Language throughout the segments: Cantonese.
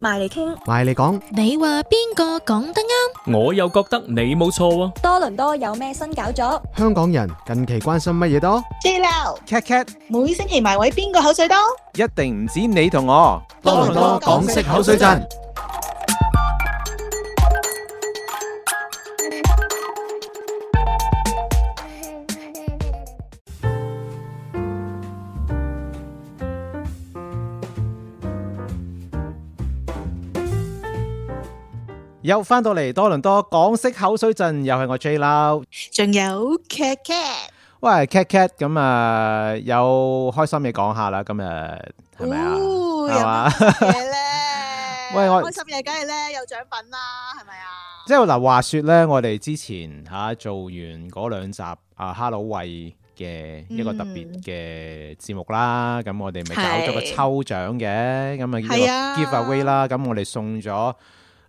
埋嚟傾，埋嚟講，你話邊個講得啱？我又覺得你冇錯。多倫多有咩新搞作？香港人近期關心乜嘢多？JLau、Kat Kat，每星期埋位邊個口水多？一定唔止你同我。多倫多港式口水陣。又翻到嚟多倫多，港式口水陣又係我 JLau，仲有 Kat Kat，喂 Kat Kat 咁啊，有開心嘅講下啦，今日係咪啊？係嘛嘢咧？吧 喂，我開心嘢梗係咧有獎品啦，係咪啊？即係嗱，話說咧，我哋之前吓、啊、做完嗰兩集啊，Hello 喂嘅一個特別嘅節目啦，咁、嗯、我哋咪搞咗個抽獎嘅，咁啊叫 give away 啦，咁、啊、我哋送咗。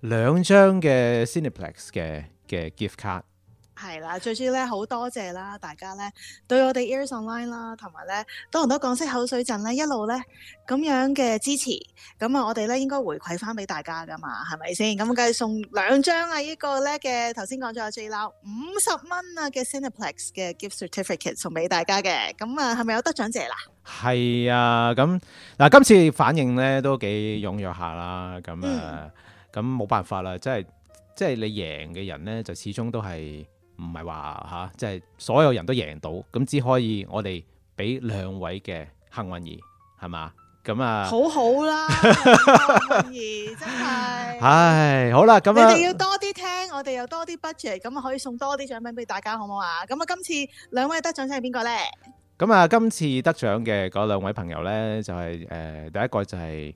兩張嘅 Cineplex 嘅嘅 gift card 係啦，最主要咧好多謝啦，大家咧對我哋 Ears Online 啦，同埋咧，多倫多港式口水陣咧，一路咧咁樣嘅支持，咁啊，我哋咧應該回饋翻俾大家噶嘛，係咪先？咁梗係送兩張啊，依個咧嘅頭先講咗啊，J 佬五十蚊啊嘅 Cineplex 嘅 gift certificate 送俾大家嘅，咁啊，係咪有得獎謝啦？係啊，咁嗱，今次反應咧都幾踴躍下啦，咁啊～、嗯咁冇辦法啦，即係即係你贏嘅人咧，就始終都係唔係話吓，即係所有人都贏到，咁只可以我哋俾兩位嘅幸運兒係嘛，咁啊，嗯、好好啦，幸運兒真係是，唉，好啦，咁、啊、你哋要多啲聽，我哋有多啲 budget，咁可以送多啲獎品俾大家，好唔好啊？咁啊今次兩位得獎者係邊個咧？咁啊、嗯、今次得獎嘅嗰兩位朋友咧，就係、是、誒、呃、第一個就係、是。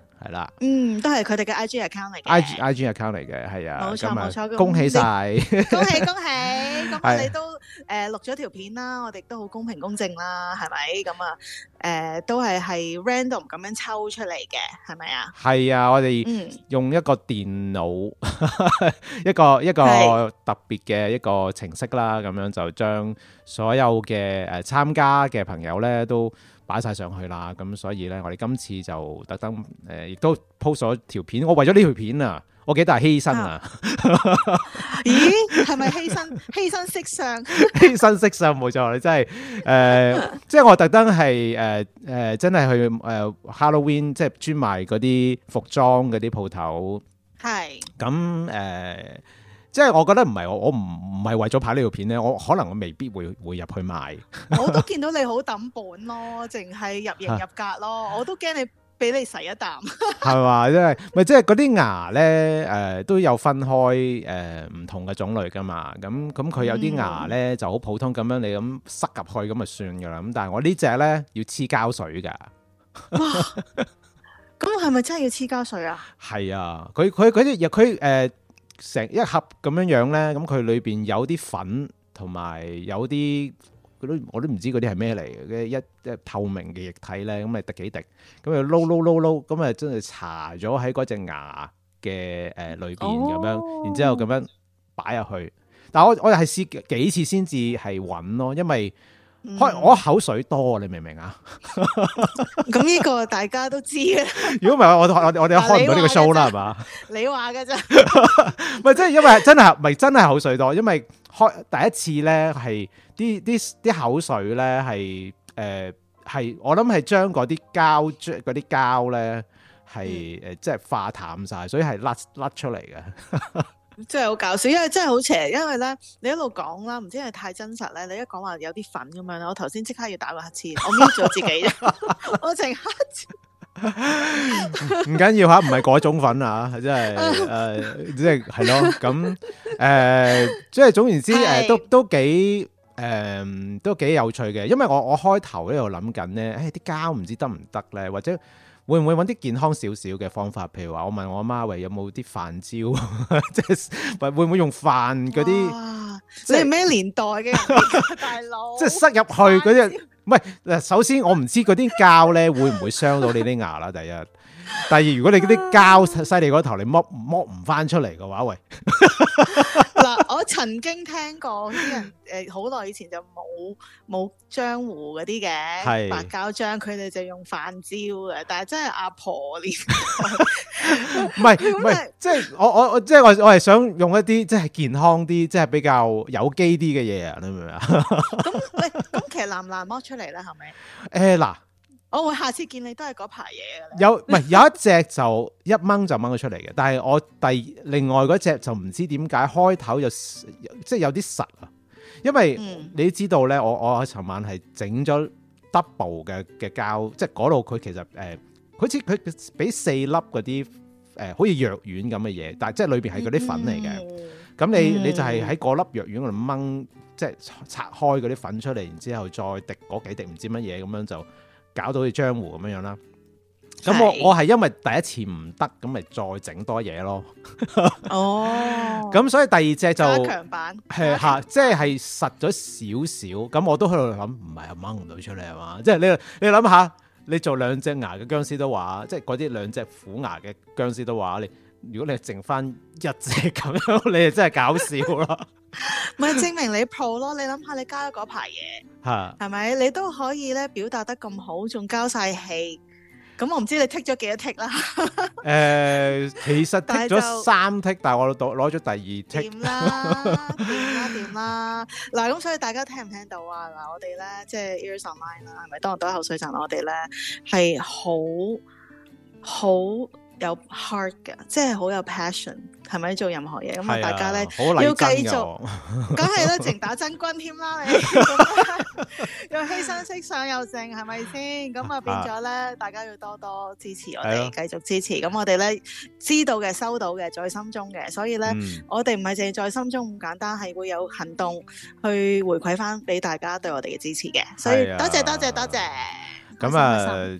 係啦，嗯，都係佢哋嘅 IG account 嚟嘅，IG IG account 嚟嘅，係啊，冇錯冇錯，恭喜晒，恭喜恭喜，咁我哋都誒錄咗條片啦，我哋都好公平公正啦，係咪？咁啊，誒，都係係 random 咁樣抽出嚟嘅，係咪啊？係啊，我哋用一個電腦，一個一個特別嘅一個程式啦，咁樣就將所有嘅誒參加嘅朋友咧都。擺晒上去啦，咁所以咧，我哋今次就特登，誒、呃，亦都 post 咗條片。我為咗呢條片啊，我幾大犧牲啊？啊 咦，係咪犧牲？犧牲色相？犧 牲色相冇錯，你真係，誒、呃， 即係我特登係，誒、呃，誒、呃，真係去，誒，Halloween 即係專賣嗰啲服裝嗰啲鋪頭。係是。咁、嗯，誒、呃。即係我覺得唔係我我唔唔係為咗拍呢條片咧，我可能我未必會會入去、e、賣。我都見到你好抌本咯，淨係入型入格咯，我都驚你俾你洗一啖。係嘛？ 即係咪即係嗰啲牙咧？誒都有分開誒唔同嘅種類噶嘛？咁咁佢有啲牙咧就好普通咁樣，你咁塞入去咁咪算噶啦？咁但係我呢隻咧要黐膠水噶。咁係咪真係要黐膠水啊？係啊，佢佢啲佢誒。成一盒咁樣樣咧，咁佢裏邊有啲粉，同埋有啲嗰啲我都唔知嗰啲係咩嚟嘅一一透明嘅液體咧，咁咪滴幾滴，咁咪撈撈撈撈，咁咪真係搽咗喺嗰隻牙嘅誒裏邊咁樣，然之後咁樣擺入去。但係我我又係試幾次先至係揾咯，因為。開我口水多，你明唔明啊？咁呢個大家都知嘅。如果唔係我我我我哋都開唔到呢個 show 啦，係嘛吧？你話嘅啫。唔 係， 即係因為真係，係真係口水多。因為開第一次咧，係啲啲啲口水咧係誒係，我諗係將嗰啲膠嗰啲膠咧係誒即係化淡晒，所以係甩甩出嚟嘅。 即係好搞笑，因為真係好邪，因為咧你一路講啦，唔知係太真實咧，你一講話有啲粉咁樣啦，我頭先即刻要打個乞嗤，我搣咗自己， 我即刻， 唔緊要吓，唔係嗰種粉啊，即係誒、 呃，即係係咯，咁、呃、誒，即係總言之誒、呃，都都幾誒、呃，都幾有趣嘅，因為我我開頭喺度諗緊咧，誒啲膠唔知得唔得咧，或者。會唔會搵啲健康少少嘅方法？譬如話我問我媽喂，有冇啲飯焦？即 係會會唔會用飯嗰啲？即係咩年代嘅 大佬哥？即係塞入去嗰啲？唔係嗱，首先我唔知嗰啲膠咧會唔會傷到你啲牙啦？第一，第二，如果你嗰啲膠犀利過頭，你剝剝唔翻出嚟嘅話，喂。 嗱、 啊，我曾經聽過啲人誒，好、呃、耐以前就冇冇江湖漿糊嗰啲嘅白膠漿，佢哋就用飯焦嘅，但係真係阿婆呢？唔係唔係，即係我我我即係我我係想用一啲即係健康啲，即係比較有機啲嘅嘢啊！你明唔明啊？咁、啊、喂，咁其實難唔難剝出嚟咧？係咪？誒嗱。我會，oh, 下次見你都係嗰排嘢噶啦，有唔係、就是，有一隻就一掹就掹佢出嚟嘅，但係我第另外嗰隻就唔知點解開頭就即係有啲實啊。因為、嗯、你知道咧，我我尋晚係整咗 double 嘅嘅膠，即係嗰度佢其實誒、呃、好似佢俾四粒嗰啲誒好似藥丸咁嘅嘢，但係即係裏邊係嗰啲粉嚟嘅。咁、嗯、你你就係喺嗰粒藥丸度掹，即、就、係、是，拆開嗰啲粉出嚟，然之後再滴嗰幾滴唔知乜嘢咁樣就。搞到好似漿糊咁樣樣啦，咁我是我係因為第一次唔得，咁咪再整多嘢咯。 哦，咁所以第二隻就加強版，係是即係實咗少少。咁我都喺度諗，唔係掹唔到出嚟啊嘛！即係你你諗下，你做兩隻牙嘅僵屍都話，即係嗰啲兩隻虎牙嘅僵屍都話你。如果你剩翻一隻咁樣， 你係真係搞笑啦！咪證明你 pro 咯？你諗下你加咗嗰排嘢，係係咪你都可以咧表達得咁好，仲交晒氣？咁我唔知你剔咗幾多剔啦。誒、 呃，其實剔咗三剔，但係就 我攞攞咗第二剔。點啦？點啦？嗱，咁 所以大家聽唔聽到啊？嗱，我哋咧即係、就是、Ears Online 啦，係咪？當我當口水陣，我哋咧係好好。有 heart 嘅，即係好有 passion，係咪做任何嘢？咁大家咧要繼續，梗係咧淨打真軍添啦！你。要犧牲色相又剩，係咪先？咁啊變咗咧，大家要多多支持我哋，繼續支持。咁我哋咧知道嘅、收到嘅，在心中嘅，所以咧我哋唔係淨係在心中咁簡單，係會有行動去回饋翻俾大家對我哋嘅支持嘅。所以多謝多謝多謝。咁啊！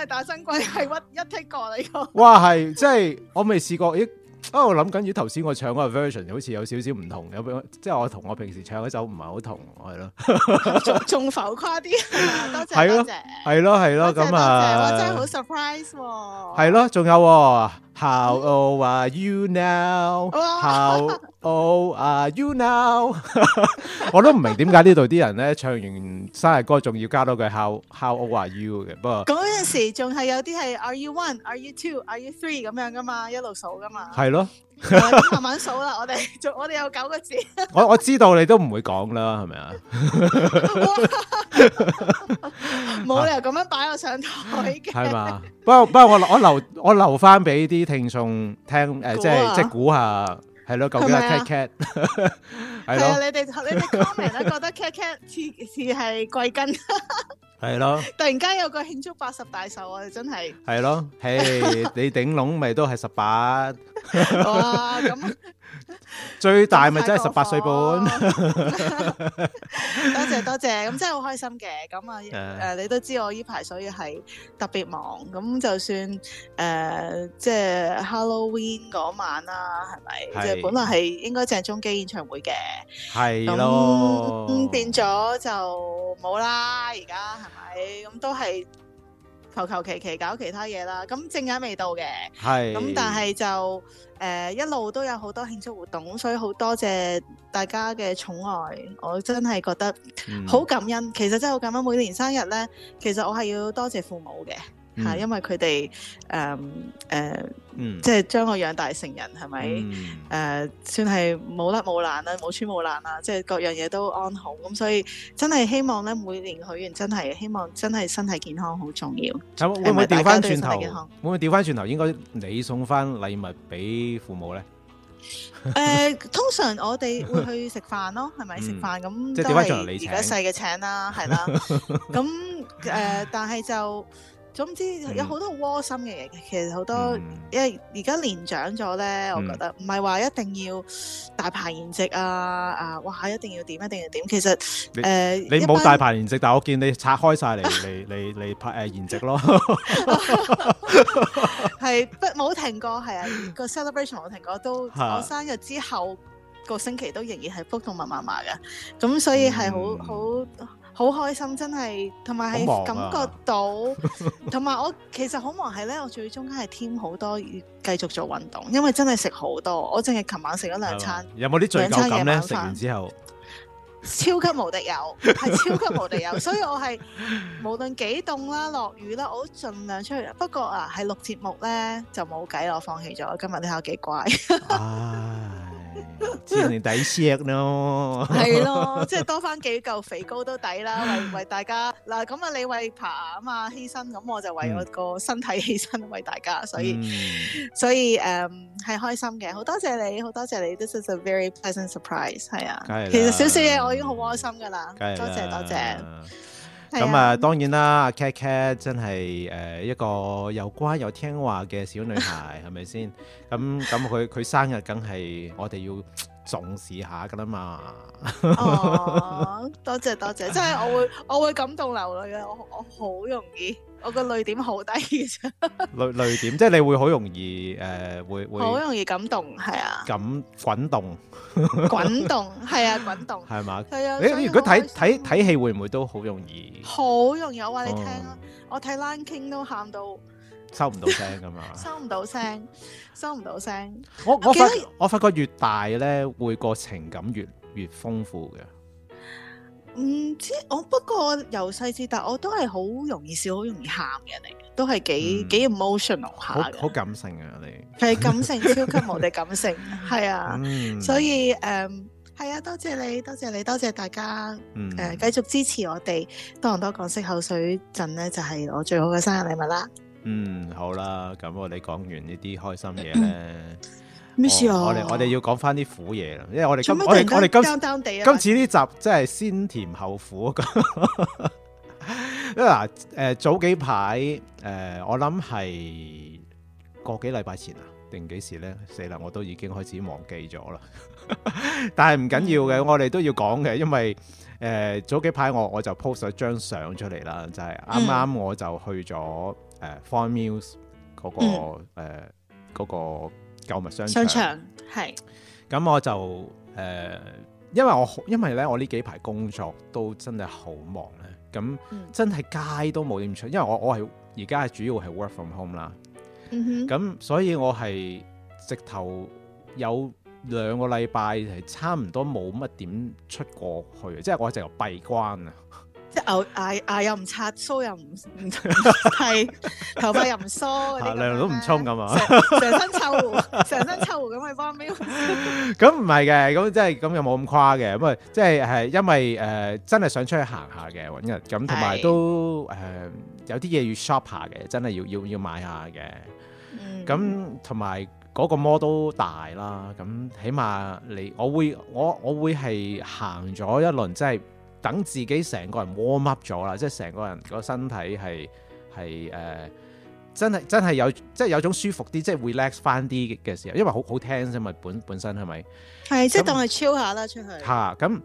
係大生鬼，係屈一 take 過你個。哇，係，即係我未試過。咦，啊，我諗緊，如果頭先我唱嗰個 version，好似有少少唔同，有即係我同我平時唱嗰首唔係好同，係咯。仲浮誇啲，多謝，多謝，係咯，係咯，咁啊，我真係好 surprise 喎。係咯，仲有，How are you now？How Oh, are you now？ 我都唔明點解呢度啲人咧唱完生日歌仲要加多句 How how old are you 嘅？不過嗰陣 時仲係有啲係 Are you one? Are you two? Are you three？咁樣噶嘛，一路數噶嘛。係是咯， 啊、慢慢數啦。我哋我哋有九個字。 我我知道你都唔會講啦，係咪啊？冇 理由咁樣擺我上台嘅。係 嘛？不過不過我留我留我留翻俾啲聽眾聽誒、呃，即係即係估下。係咯，咁嘅 cat cat，係啊，你哋你哋歌迷咧覺得 cat cat 似似係貴根，係咯，突然間有個慶祝八十大壽啊，真係， 係咯，嘿，你頂籠咪都係十八，哇，咁。 最大咪真係十八歲半 多，多謝多謝，咁真係好開心嘅。咁啊，誒 Yeah.、呃，你都知我依排所以係特別忙。咁就算誒、呃，即係 Halloween 嗰晚啦、啊，係咪？即係是本來係應該鄭中基演唱會嘅，係咯咯變咗就冇啦。而家係咪？咁都係。求求其其搞其他嘢啦，咁正解未到嘅，係是，咁、嗯、但係就誒、呃、一路都有好多慶祝活動，所以好多謝大家嘅寵愛，我真係覺得好感恩。嗯、其實真係好感恩，每年生日咧，其實我係要多謝父母嘅。吓，因為佢哋誒誒，即係將我養大成人，係咪？誒，算係冇得冇爛啦，冇穿冇爛啦，即係各樣嘢都安好。咁所以真係希望咧，每年許願真係希望真係身體健康好重要。會唔會掉翻轉頭？會唔會掉翻轉頭？應該你送翻禮物俾父母咧？誒，通常我哋會去食飯咯，係咪食飯？咁都係而家細嘅請啦，係啦。咁誒，但係就。總之有好多窩心嘅嘢，其實好多，嗯、因為而家年長咗咧，我覺得唔係話一定要大排筵席啊，啊，哇，一定要點一定要點，其實誒、呃，你冇大排筵席，般但係我見你拆開晒嚟嚟嚟嚟拍誒筵、啊、席咯 係但冇停過，係啊、個 celebration 冇停過，都我生日之後個星期都仍然係波密麻麻嘅。咁所以係好好。嗯好開心，真係，同埋係感覺到，同埋忙、啊、 我其實好忙係呢，我最中間係添好多魚，要繼續做運動，因為真係食好多，我淨係琴晚食咗兩餐。有冇啲最餐嘢？咧？食完之後， 超級無敵有，係超級無敵有， 所以我係無論幾凍啦、落雨啦，我都盡量出去。不過啊，喺錄節目呢，就冇計，我放棄咗。今日你睇我幾乖。 哎自然抵錫咯，係咯，即係多翻幾嚿肥膏都抵啦，為為大家嗱咁啊，你為爸啊嘛犧牲，咁我就為我個身體犧牲為大家，所以、嗯、所以誒係、嗯、開心嘅，好多謝你，好多謝你，This is a very pleasant surprise，係啊，其實少少嘢，我已經好開心噶啦，多謝多謝。咁啊，當然啦，阿 Kat Kat 真係誒、呃、一個又乖又聽話嘅小女孩，係咪先？咁咁佢佢生日梗係我哋要重視下噶啦嘛。哦、 多謝多謝，真係我會我會感動流淚嘅，我我好容易。我個淚點好低嘅啫，淚淚點即係你會好容易誒，會會好容易感動，係啊，感滾動，滾動係啊，滾動係嘛？係啊！誒，如果睇睇睇戲會唔會都好容易？好容易，我話你聽啦，我睇 Lion King 都喊到收唔到聲噶嘛，收唔到聲，收唔到聲。我我發我發覺越大咧，會個情感越越豐富嘅。唔知我不過由細至大我都係好容易笑，好容易喊嘅嚟，都係幾、嗯、幾 emotional 下好的感性啊，你係感性，超級無敵感性，係啊，嗯、所以誒係、嗯、啊，多謝你，多謝你，多謝大家，誒、呃、繼續支持我哋，多倫多港式口水陣咧，就係、是、我最好嘅生日禮物啦。嗯，好啦，咁我哋講完呢啲開心嘢。咧。 哦啊、我哋我哋要講翻啲苦嘢啦，因為我哋今我哋然我哋今然今次呢集真係先甜後苦啊！嗱， 誒、呃、早幾排誒、呃，我諗係個幾禮拜前啊，定幾時咧？死啦，我都已經開始忘記咗啦。 但係唔緊要嘅，嗯、我哋都要講嘅，因為誒、呃、早幾排我我就 post 咗張相出嚟啦，就係啱啱我就去咗誒 Vaughan Mills 嗰個誒嗰個。購物商場商場，係，咁我就誒、呃，因為我因為咧，我呢幾排工作都真係好忙咧，咁真係街都冇點出，因為我我係而家係主要係 work from home 啦、嗯哼，咁所以我係直頭有兩個禮拜係差唔多冇乜點出過去，即、就、係、是、我直頭閉關啊。即係牛牙牙又唔刷，須又唔唔係頭髮又唔梳，量都唔沖咁啊！成身臭狐，成身臭狐咁去翻咩？咁唔係嘅，咁即係咁又冇咁誇嘅，咁啊即係係因為誒真係想出去行下嘅，揾日咁同埋都誒有啲嘢要 shop 下嘅，真係要要要買下嘅。咁同埋嗰個 mall 都大啦，咁起碼你我會我我會係行咗一輪，即係。等自己成個人 warm up 咗啦，即係成個人個身體係係誒，真係真係有即係有種舒服啲，即係 relax 翻啲嘅時候，因為好好聽啫嘛，本本身係咪？係即係當佢 chill 下啦出去。嚇，咁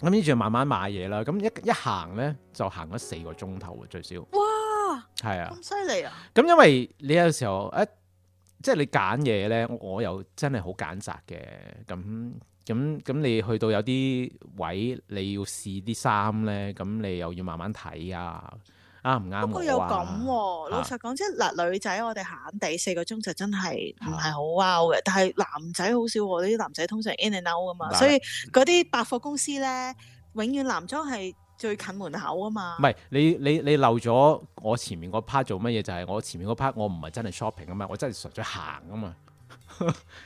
咁跟住慢慢買嘢啦，咁一一行咧就行咗四個鐘頭最少。哇！係啊，咁犀利啊！咁因為你有時候一、啊、即係你揀嘢咧，我又真係好揀擇嘅咁。咁咁你去到有啲位你要試啲衫咧，咁你又要慢慢睇啊，啱唔啱？不過又咁喎，老實講即係嗱女仔我哋行地四個鐘就真係唔係好 out 嘅，但係男仔好少喎，啲男仔通常 in and out 噶嘛，所以嗰啲百貨公司咧，永遠男裝係最近門口啊嘛。唔係你你你漏咗我前面嗰 part 做乜嘢？就係我前面嗰 part 我唔係真係 shopping 啊嘛，我真係純粹行啊嘛。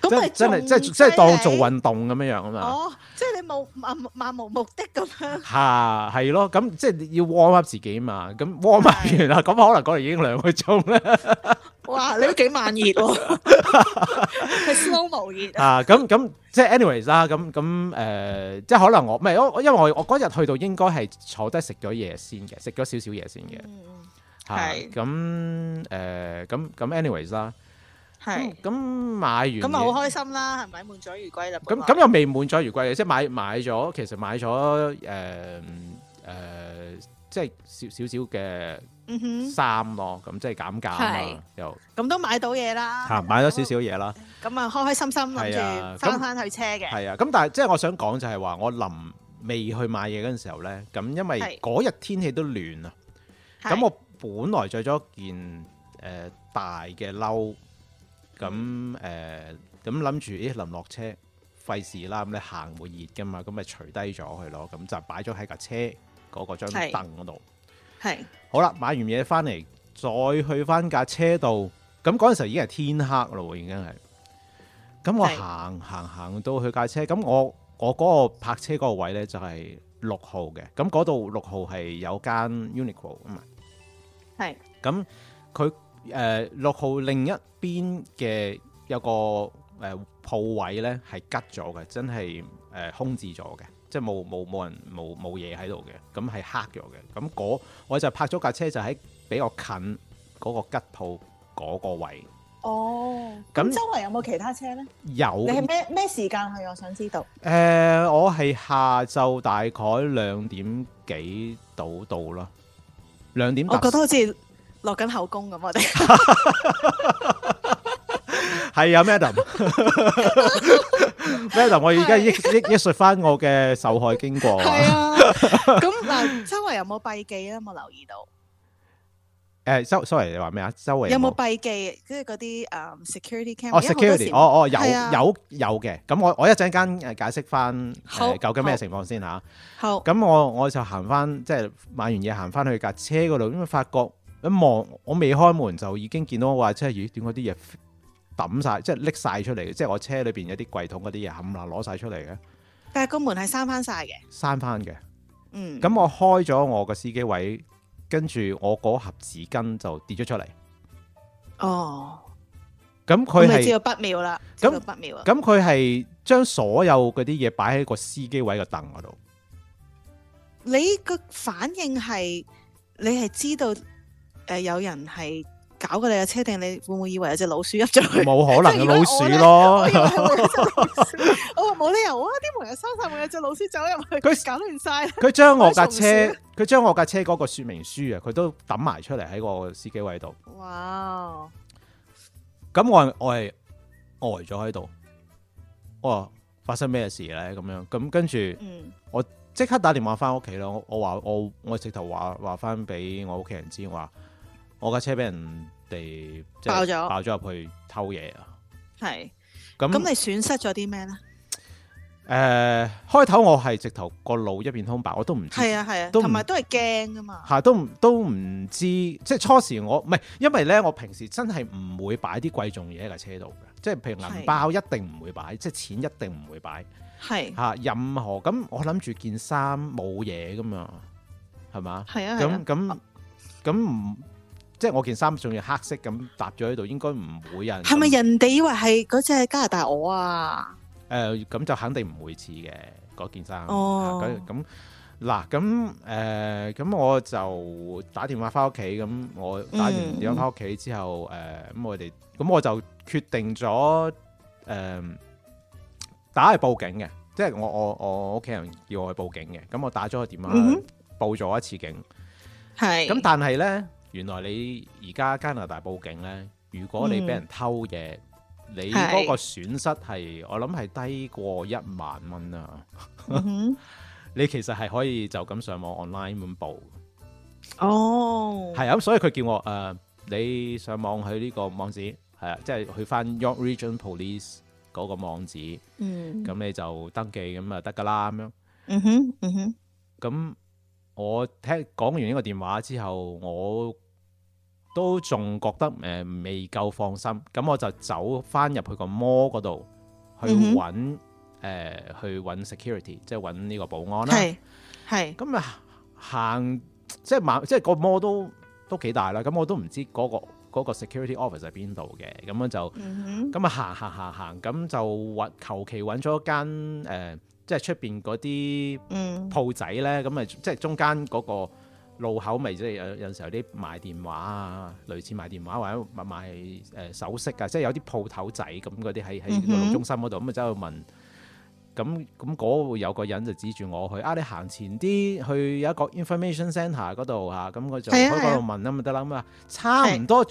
咁咪真係即係即係當做運動咁樣樣啊嘛！哦，即係你冇漫漫無目的咁樣吓係咯，咁即係要 warm up 自己嘛，咁 warm up 完啦，咁可能嗰日已經兩個鐘啦。哇，你都幾慢熱喎，係 slow 熱啊！咁咁即係 anyways 啦，咁咁誒，即係可能我咪我因為我我嗰日去到應該係坐低食咗嘢先嘅，食咗少少嘢先嘅，係咁誒，咁咁 anyways 啦。係咁買完，咁咪好開心啦，係咪滿載而歸啦？咁咁又未滿載而歸，即係買買咗，其實買咗誒誒，即係少少少嘅衫咯。咁即係減價嘛，又咁都買到嘢啦。嚇買咗少少嘢啦。咁啊，開開心心諗住翻返去車嘅。係啊，咁但係即係我想講就係話，我臨未去買嘢嗰陣時候咧，咁因為嗰日天氣都暖啊，咁我本來著咗件誒大嘅褸。咁誒，咁諗住，咦、嗯，臨落、哎、車，費事啦，咁你行會熱噶嘛，咁咪除低咗佢咯，咁就擺咗喺架車嗰個張凳嗰度。係。好啦，買完嘢翻嚟，再去翻架車度，咁嗰陣時候已經係天黑咯，已經係。咁我行行行到去架車，咁我我嗰個泊車嗰個位咧就係六號嘅，咁嗰度六號係有間 Uniqlo 啊嘛。係。咁佢。誒六、呃、號另一邊嘅有個誒、呃、鋪位咧，係吉咗嘅，真係誒、呃、空置咗嘅，即係冇冇冇人冇冇嘢喺度嘅，咁係黑咗嘅。咁、那個、我就泊咗架車，就喺比較近嗰個吉鋪嗰個位。哦，咁那周圍有冇其他車咧？有。你係咩咩時間去？我想知道。誒、呃，我係下晝大概兩點幾到到啦。兩點，我覺得好似。落緊口供咁，我哋係 啊 Madam，Madam， Madam，我而家一一述翻我嘅受害經過。係 啊，咁但周圍有冇閉記咧？冇留意到有有。誒、欸，周 sorry，你話咩啊？周、啊、圍有冇閉記？即係嗰啲 security camera，security，哦哦有有有嘅。咁我我一陣間解釋翻誒究竟咩情況先吓。好。咁、啊、我我就行翻，即、就、係、是、買完嘢行翻去架車嗰度，因為發覺。一望我未開門就已經見到我話，車，咦，點解啲嘢抌晒，即係拎晒出嚟嘅，即係我車裏邊有啲櫃桶嗰啲嘢冚啦攞晒出嚟嘅，但係個門係閂翻晒嘅，閂翻嘅，嗯，咁我開咗我個司機位，跟住，我嗰盒紙巾就跌咗出嚟，哦，咁佢係知道不妙啦，知道不妙，咁佢係將所有嗰啲嘢擺喺個司機位個凳嗰度，你個反應係你係知道。誒，有人係搞過你架車定？你會唔會以為有隻老鼠入咗去？冇可能，老鼠咯。 我話冇 理由啊！啲門日收晒，會有隻老鼠走入去，佢搞亂晒。佢將我架車，佢將 我架車嗰個說明書啊，佢都抌埋出嚟喺個司機位度 Wow.。哇！咁我我係呆咗喺度。我話發生咩事咧？咁樣咁跟住，我即刻打電話翻屋企咯。我我話我我直頭話話翻俾我屋企人知我話。我架車俾人哋爆咗，爆咗入去偷嘢啊！係咁咁，你損失咗啲咩咧？誒，開頭我係直頭個腦一片空白，我都唔知。係啊係啊，同埋都係驚噶嘛吓，都唔都唔知，即係初時我唔係，因為咧我平時真係唔會擺啲貴重嘢喺架車度嘅，即係譬如銀包一定唔會擺，即係錢一定唔會擺，係吓任何咁，我諗住件衫冇嘢噶嘛，係嘛，係啊，咁咁咁唔。即係我件衫仲要黑色咁搭咗喺度，應該唔會有人。係咪人哋以為係嗰隻加拿大鵝啊？誒、呃，咁就肯定唔會似嘅嗰件衫。哦。咁嗱、啊，咁誒咁我就打電話返屋企。咁我打完電話返屋企之後，誒咁、嗯呃、我哋咁我就決定咗誒、呃、打去報警嘅，即係我我我屋企人要我去報警嘅。咁我打咗個電話、嗯、報咗一次警。係是。咁但係咧。原來你而家加拿大報警咧，如果你俾人偷嘢，嗯、你嗰個損失係是我諗係低過一萬蚊啊！嗯、哼 你其實係可以就咁上網 online 咁報。哦，係啊，啊，所以佢叫我誒、呃，你上網去呢個網址係啊，即係去翻 York Region Police 嗰個網址。啊、網址嗯，咁你就登記咁啊得㗎啦，咁樣。咁、嗯嗯、我聽講完呢個電話之後，我。都仲覺得誒、呃、未夠放心，咁我就走翻入去個摩嗰度去揾、呃、去揾 security，即係揾呢個保安啦。係係、嗯哼。咁啊行，即係萬，即係個摩都都幾大啦。咁我都唔知嗰、嗰個嗰個 security office 喺邊度嘅。咁樣就咁啊、嗯、哼行行行行，咁就揾求其揾咗間誒、呃，即係出邊嗰啲鋪仔咧。咁啊、嗯，嗯、即係中間嗰、嗰個。路口咪即係有有時候啲賣電話啊，類似賣電話或者賣誒首飾嘅，即係有啲鋪頭仔咁嗰啲喺喺路中心嗰度，咁啊走去問。咁咁嗰度有個人就指住我去啊！你行前啲去有一個 information centre 嗰度嚇，咁、啊嗯、我就去嗰度問啊咪得啦嘛。嗯啊、差唔多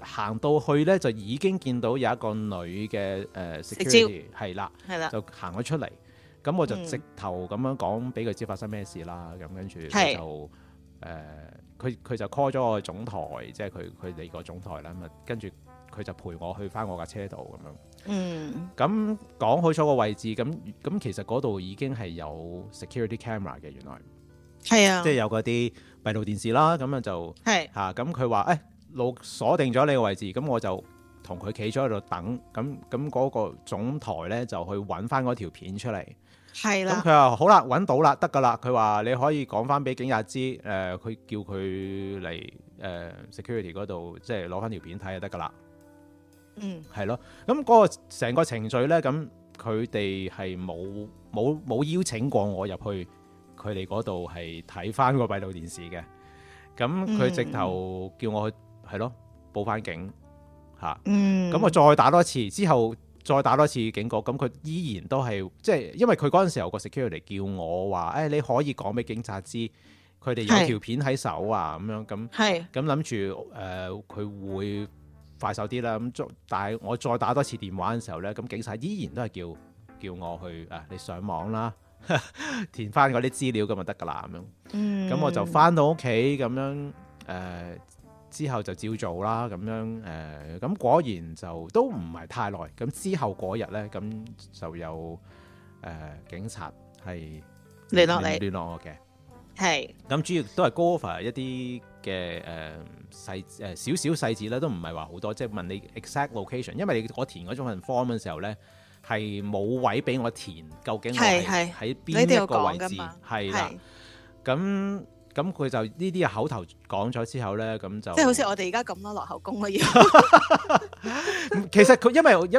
行到去咧，就已經見到有一個女嘅誒 security 係啦，係啦、啊，了啊、就行咗出嚟。咁我就直頭咁樣講俾佢知發生咩事啦。咁、啊、跟住就、啊。誒，佢佢、呃、就 call 咗我個總台，即係佢佢哋個總台啦，咁啊跟住佢就陪我去翻我架車度咁樣。嗯，咁講好咗個位置，咁咁其實嗰度已經係有 security camera 嘅，原來係啊，即係有嗰啲閉路電視啦，咁是啊就係嚇，咁佢話誒，路鎖定咗你個位置，咁我就同佢企咗喺度等，咁咁嗰個總台呢就去揾翻嗰條片出嚟。係是啦、嗯，咁佢話好啦，揾到啦，得噶啦。佢話你可以講翻俾警察知，誒、呃，佢叫佢嚟誒 security 嗰度，即係攞翻條片睇就得噶啦。嗯，係咯，咁嗰個成個程序咧，咁佢哋係冇冇冇邀請過我入去佢哋嗰度係睇翻個閉路電視嘅。咁佢直頭叫我去係咯、嗯、報翻警嚇，咁、嗯嗯嗯、我再打多次之後。再打多次警告，咁佢依然都係即係，因為佢嗰陣時候個 security 嚟叫我話，誒、哎、你可以講俾警察知，佢哋有條片喺手啊，咁是樣咁，咁諗住誒佢會快手啲啦。咁但係我再打多次電話嘅時候咧，咁警察依然都係叫叫我去啊，你上網啦， 填翻嗰啲資料咁就得㗎啦，咁樣。咁、嗯、我就翻到屋企咁樣誒。呃之後就照做啦，咁樣誒，咁果然就都唔係太耐。咁之後嗰日咧，咁就有誒警察係聯絡你聯絡我嘅，係。咁主要都係 cover 一啲嘅誒細誒少少細節啦，都唔係話好多，即係問你 exact location，因為你我填嗰種 form 嘅時候咧，係冇位俾我填究竟係係喺邊一個位置，係啦，咁。咁佢就呢啲嘢口頭講咗之後咧，咁就即係好似我哋而家咁咯，落口供嘅要 其實佢因為一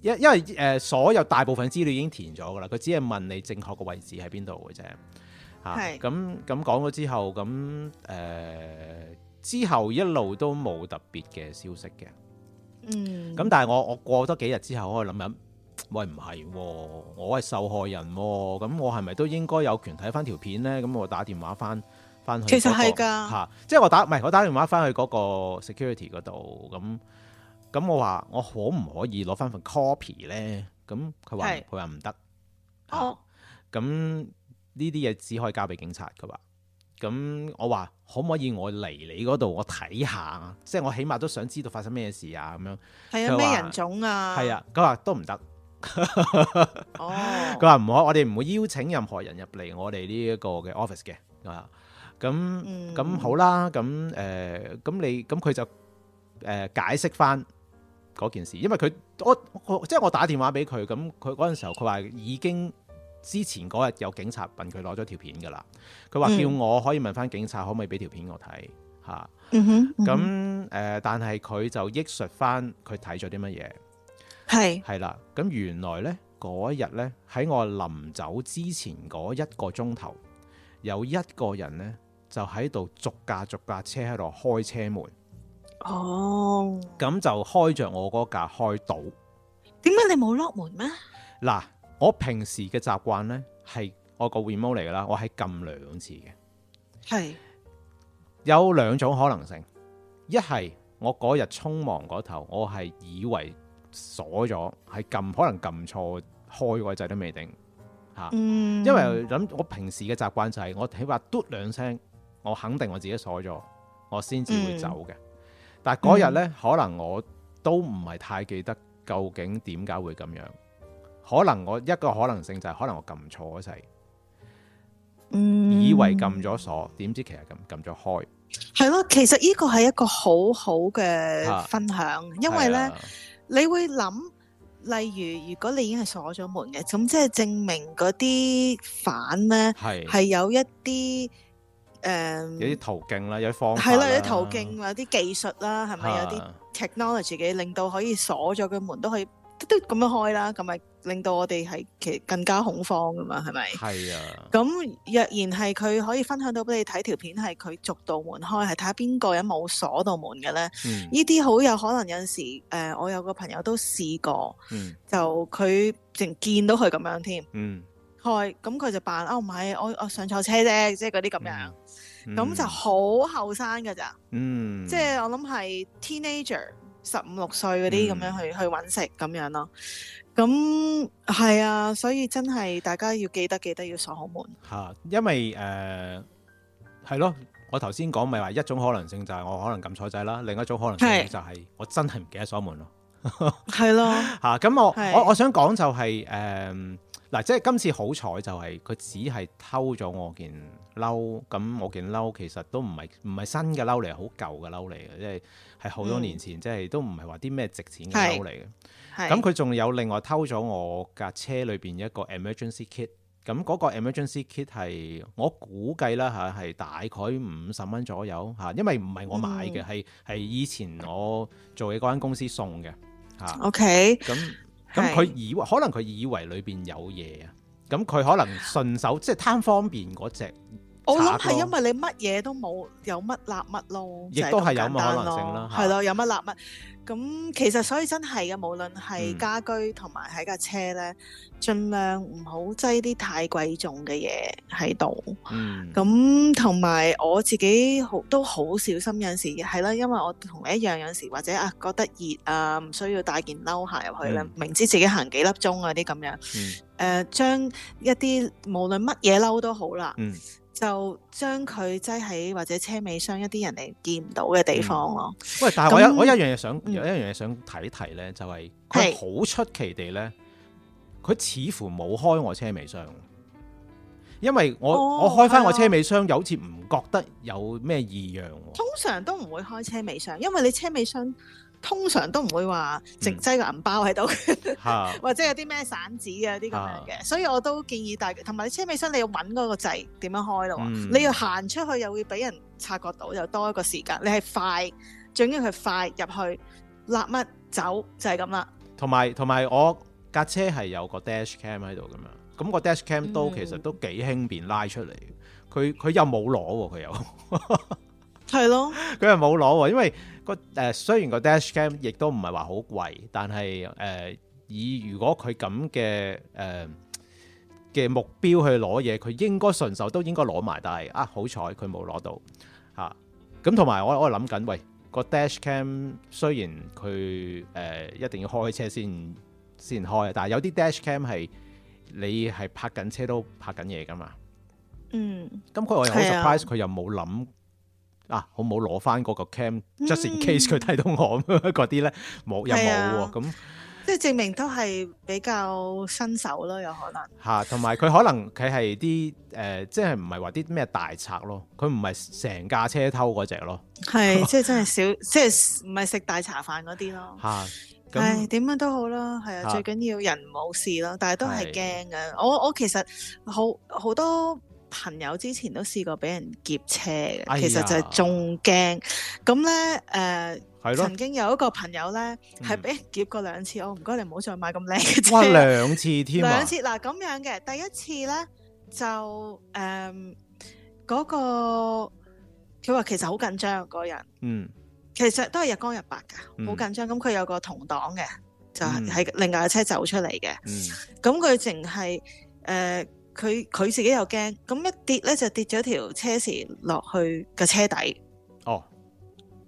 一因為誒所有大部分資料已經填咗㗎啦，佢只係問你正確嘅位置喺邊度嘅啫。嚇是，咁咁講咗之後，咁誒、呃、之後一路都冇特別嘅消息嘅。嗯。咁但係我我過多幾日之後想想、哦，我諗諗，喂唔係，我係受害人、哦，咁我係咪都應該有權睇翻條片咧？咁我打電話翻。翻去嗰個、其實係㗎，嚇、啊，即係我打唔係我打電話翻去嗰個 security 嗰度，咁咁我話我可唔可以攞翻份 copy 咧？咁佢話佢話唔得，是哦，咁呢啲嘢只可以交俾警察㗎，佢話。咁我話可唔可以我嚟你嗰度我睇下、啊，即係我起碼都想知道發生咩事啊？咁樣係啊，咩說人種啊？係啊，佢話都唔得， 哦，佢話唔可，我哋唔會邀請任何人入嚟我哋呢一個嘅 office 嘅啊。咁咁好啦，咁誒咁你咁佢就誒、呃、解釋翻嗰件事，因為佢我，我即係我打電話俾佢，咁佢嗰陣時候佢話已經之前嗰日有警察問佢攞咗條片噶啦，佢話叫我可以問翻警察可唔可以俾條片我睇吓。咁誒、嗯嗯呃，但係佢就憶述翻佢睇咗啲乜嘢，係係啦。咁原來咧嗰日咧喺我臨走之前嗰一個鐘頭，有一個人咧。就喺度逐架逐架車喺度開車門，哦，咁就開着我嗰架開到。點解你冇落門咩？嗱，我平時嘅習慣呢，係我個 remote 嚟噶啦，我係撳兩次嘅，係是有兩種可能性，一係我嗰日匆忙嗰頭，我係以為鎖咗，係撳可能撳錯開個掣都未定吓，嗯、啊，mm. 因為諗我，我平時嘅習慣就係、是、我起碼嘟兩聲。我肯定我自己鎖咗，我先至會走嘅。嗯、但係嗰日呢，嗯、可能我都唔係太記得究竟點解會咁樣。可能我一個可能性就係可能我撳錯咗掣，嗯、以為撳咗鎖，點知其實撳撳咗開。係咯、啊，其實呢個係一個好好嘅分享，啊、因為呢，啊、你會諗，例如如果你已經係鎖咗門嘅，咁即係證明嗰啲反呢，係係有一啲。誒、um, 有啲途徑啦，有啲方法係啦，有啲途徑有啲技術啦，係咪、啊、有啲 technology 嘅，令到可以鎖咗個門都可以都咁樣開啦，咁咪令到我哋係其實更加恐慌㗎嘛，係咪？係啊。咁若然係佢可以分享到俾你睇條片，係佢逐道門開，係睇下邊個有冇鎖到門嘅咧？呢啲好有可能有陣時，誒、呃、我有個朋友都試過，嗯、就佢淨見到佢咁樣添。嗯。係，咁佢就扮哦，唔係，我我上錯車啫，即係嗰啲咁樣，咁就好後生㗎咋，嗯，即係我諗係 teenager 十五六歲嗰啲咁樣去去揾食咁樣咯，咁係啊，所以真係大家要記得記得要鎖好門嚇，因為誒係咯，我頭先講咪話一種可能性就係我可能撳錯掣啦，另一種可能性就係我真係唔記得鎖門咯，係咯嚇，咁我我我想講就係誒。嗱，即係今次好彩就係佢只係偷咗我件褸，咁我件褸其實都唔係唔係新嘅褸嚟，好舊嘅褸嚟嘅，即係係好多年前，嗯、即係都唔係話啲咩值錢嘅褸嚟嘅。咁佢仲有另外偷咗我架車裏邊一個 emergency kit，咁嗰個 emergency kit 係我估計啦嚇，係大概五十蚊左右嚇，因為唔係我買嘅，係係、嗯、以前我做嘅嗰間公司送嘅嚇。OK，咁、嗯。嗯咁佢以為可能佢以為裏邊有嘢啊，咁佢可能順手即係貪方便嗰隻。我諗係因為你乜嘢都冇，有乜攬乜咯，亦都係有冇可能性啦，係咯，有乜攬乜。咁其實所以真係嘅，無論係家居同埋喺架車咧，嗯、盡量唔好擠啲太貴重嘅嘢喺度。咁同埋我自己好都好小心有時嘅，係啦，因為我同你一樣有時或者啊覺得熱啊，唔需要帶件褸鞋入去咧，嗯、明知自己行幾粒鐘嗰啲咁樣。誒、嗯呃，將一啲無論乜嘢褸都好啦。嗯就將佢擠喺或者車尾箱一啲人哋見唔到嘅地方咯。喂、嗯，但係我有那我有一樣嘢想有、嗯、一樣嘢想提一提咧，就係佢好出奇地咧，佢是似乎冇開我車尾箱，因為我、哦、我開翻我車尾箱又、哦、好似唔覺得有咩異樣。通常都唔會開車尾箱，因為你車尾箱。通常都唔會話淨擠個銀包喺度，嗯、 或者有啲咩散紙啊啲咁樣嘅，所以我都建議大家，同埋你車尾箱你要揾嗰個掣點樣開咯，嗯、你要行出去又會俾人察覺到，又多一個時間。你係快，最緊要佢快入去，擸乜走就係咁啦。同埋同埋我架車係有個 dash cam 喺度咁樣，咁、個 dash cam 都、嗯、其實都幾輕便拉出嚟，佢佢又冇攞佢又。 係咯，佢又冇攞，因為個誒、呃，雖然個 dash cam 亦都唔係話好貴，但係誒、呃、以如果佢咁嘅誒嘅目標去攞嘢，佢應該順手都應該攞埋。但係啊，好彩佢冇攞到吓。咁同埋我我諗緊，喂個 dash cam 雖然佢誒、呃、一定要開車先先開，但係有啲 dash cam 係你係泊緊車都拍緊嘢噶嘛。嗯，咁佢我、啊、又好 surprise，佢又冇諗。啊，好唔好攞翻嗰個 cam、嗯、just in case 佢睇到我嗰啲咧，冇有冇喎？咁、啊、即係證明都係比較新手咯，有可能吓，同埋佢可能佢係啲誒，即係唔係話啲咩大賊咯，佢唔係成架車偷嗰隻咯，係即係真係少，即係唔係食大茶飯嗰啲咯吓，係點、啊哎、樣都好啦，係啊，啊最緊要人冇事咯，但係都係驚嘅，我我其實好好多，多。朋友之前都試過俾人劫車嘅，其實就係仲驚。咁咧，誒曾經有一個朋友咧，係俾人劫過兩次。我唔該你唔好再買咁靚嘅車。哇！兩次添。兩次嗱，咁樣嘅，第一次咧就誒嗰個佢話其實好緊張嗰個人。嗯，其實都係日光日白噶，好緊張。咁佢有個同黨嘅，就係喺另外架車走出嚟嘅。嗯，咁佢淨係誒。佢佢自己又驚，咁一跌咧就跌咗條車匙落去個車底。哦，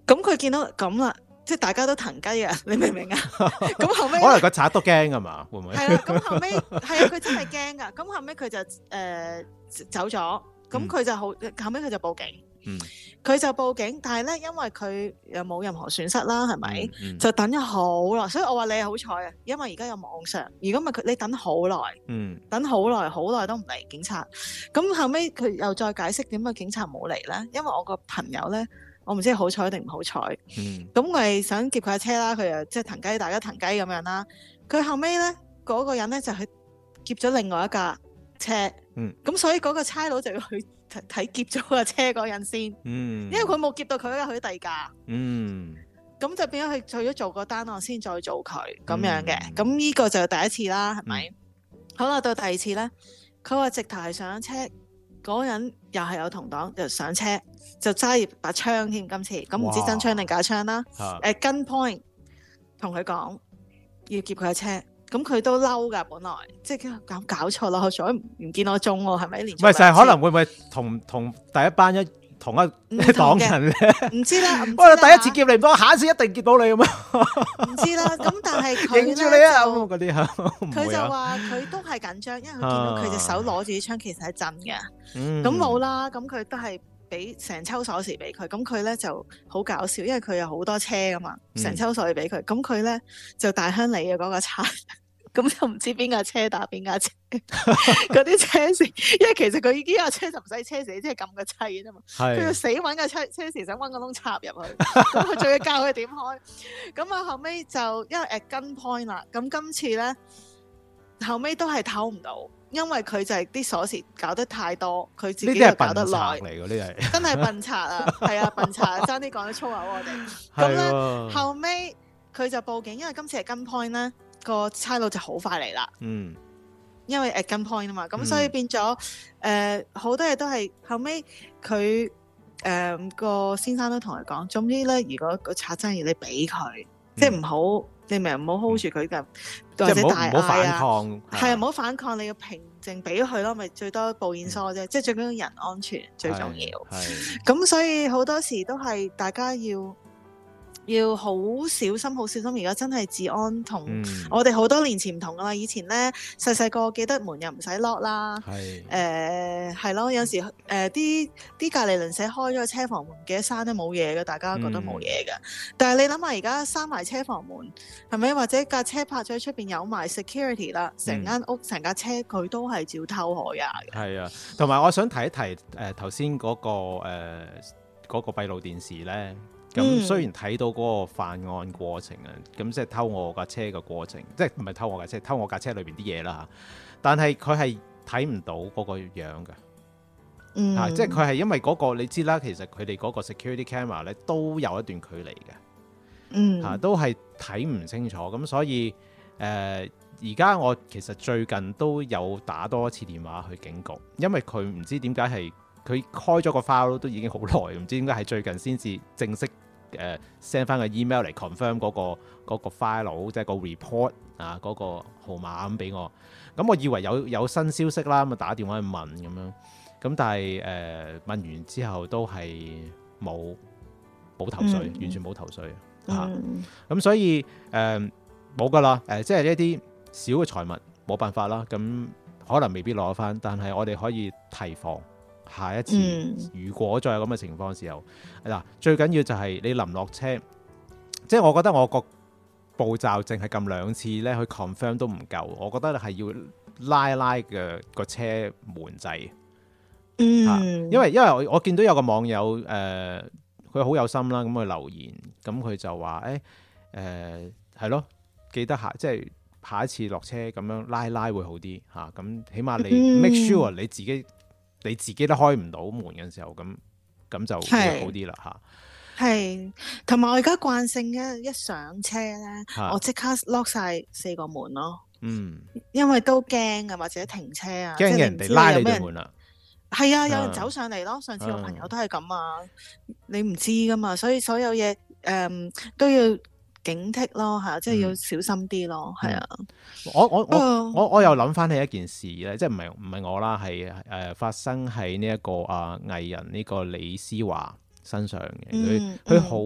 咁佢見到咁啦，即係大家都騰雞啊！你明唔明啊？咁 後尾， 可能個賊都驚啊嘛，會唔會？係啦，咁後尾，係、呃、啊，佢真係驚噶。咁後尾，佢就誒走咗，咁佢就好、嗯、後尾佢就報警。佢、嗯、就報警，但係咧，因為佢又冇任何損失啦，係咪？嗯嗯、就等咗好耐，所以我話你係好彩啊，因為而家有網上，如果唔係佢，你等好耐，嗯、等好耐，好耐都唔嚟，警察。咁後尾，佢又再解釋點解警察冇嚟咧？因為我個朋友咧，我唔知係好彩定唔好彩。咁我係想劫佢架車啦，佢又即係騰雞，大家騰雞咁樣啦。佢後尾咧，嗰、嗰個人咧就去劫咗另外一架車。咁所以嗰個差佬就要去。嗯睇劫咗個車嗰人先，嗯、因為佢冇劫到佢，佢第二架。嗯。咁就變咗佢，除咗做個單案先，再做佢咁樣嘅。咁呢、嗯、個就係第一次啦，係咪、嗯？好啦，到第二次咧，佢話直頭係上車嗰人又係有同黨，又上就上車就揸住把槍添。今次咁唔知真槍定假槍啦。誒 gunpoint 同佢講要劫佢嘅車。咁佢都嬲噶，本來即係佢搞搞錯咯，所以唔唔見我鐘喎，係咪？唔係，成日可能會唔會同同第一班一同一黨人咧？唔知啦。哇，哦、第一次劫你，唔到，啊，下一次一定劫到你咁樣？唔知啦。咁但係，認住你啊！嗰啲佢就話佢些 都係緊張，因為佢見到佢隻手攞住啲槍，其實係震嘅。咁冇啦，咁佢都係。俾成抽鎖匙俾佢，咁佢咧就好搞笑，因為佢有好多車啊嘛，成抽鎖匙俾佢，咁佢咧就大鄉里嘅嗰個叉，咁 就唔知邊架車打邊架車，嗰啲 車匙，因為其實佢已經有車就唔使車匙，即係撳個掣啫嘛，佢要是死搵架車車匙，想搵個窿插入去，仲 要教佢點開，咁啊後尾就因為 at gunpoint 啦，咁今次咧後尾都係唞唔到。因為佢就係啲鎖匙搞得太多，佢自己又搞得耐嚟，啲係真係笨賊啊！係啊， 笨賊，爭啲講啲粗口我哋。咁咧後尾佢就報警，因為今次係 gunpoint 咧，個差佬就好快嚟啦。嗯，因為係 gunpoint 啊嘛，咁所以變咗誒好多嘢都係，後尾佢誒個先生都同佢講，總之咧如果個賊真係、嗯、要你俾佢，即係唔好。你明唔好 hold 住佢噶、嗯，或者大嗌啊，係唔好反抗，你要平靜俾佢咯，咪最多報燕梳啫，即係、嗯、最緊要人安全是最重要。咁所以好多時都係大家要。要好小心，好小心！而家真係治安同我哋好多年前唔同噶啦。嗯、以前咧，細細個記得門又唔使 lock 啦，係是、呃、咯，有時誒啲啲隔離鄰舍開咗車房門，幾多山都冇嘢噶，大家覺得冇嘢噶。嗯、但係你諗下，而家閂埋車房門，係咪？或者架車泊咗喺出邊有埋 security 啦，成間屋、成架車佢都係照偷海呀！係啊、嗯，同、嗯、埋我想提一提誒頭先嗰個誒嗰、呃嗰個閉路電視咧。咁雖然睇到嗰個犯案過程啊，咁即係偷我架車嘅過程，即係唔係偷我架車，偷我架車裏邊啲嘢啦嚇。但係佢係睇唔到嗰個樣嘅，嚇、嗯啊，即係佢係因為嗰、嗰個你知啦，其實佢哋嗰個 security camera 咧都有一段距離嘅，嗯、啊、嚇，都係睇唔清楚。咁所以誒，而、呃、家我其實最近都有打多次電話去警局，因為佢唔知點解係佢開咗個 file 都已經好耐，唔知點解係最近先至正式。誒 send 翻個 email 嚟 confirm 嗰個嗰個 file，即係個 report 啊嗰、嗰個號碼咁俾我。咁、嗯、我以為有有新消息啦，咁啊打電話去問咁樣。咁、嗯、但係誒、呃、問完之後都係冇冇頭緒，完全冇頭緒啊。咁、嗯嗯、所以誒冇噶啦。誒、呃呃、即係一啲小嘅財物冇辦法啦。咁、嗯嗯、可能未必攞翻，但係我哋可以提防，下一次、嗯、如果再有咁嘅情況嘅時候，嗱、嗯、最緊要就係你臨落車，即、就、係、是、我覺得我個步驟淨係撳兩次咧去 confirm 都唔夠，我覺得係要拉一拉嘅個車門掣、嗯啊。因為因為我我見到有個網友誒，佢、呃、好有心啦，咁去留言，咁佢就話誒誒係咯，記得下即係、就是、下一次落車咁樣拉拉會好啲吓，咁、啊、起碼你 make sure 你自己、嗯。嗯你自己都開唔到門嘅時候，咁咁就會好啲啦吓。係，同埋我而家慣性一一上車咧，我即刻 lock 晒四個門咯。嗯，因為都驚啊，或者停車啊，驚人哋拉你門啦。係啊，有人走上嚟咯。上次我朋友都係咁啊，你唔知㗎嘛，所以所有嘢誒都要。警惕咯，嚇！即係要小心啲咯，係、嗯、啊！我我我我我又諗翻起一件事咧，即係唔係唔係我啦，係誒發生喺呢一個啊藝人呢個李思華身上嘅。佢佢好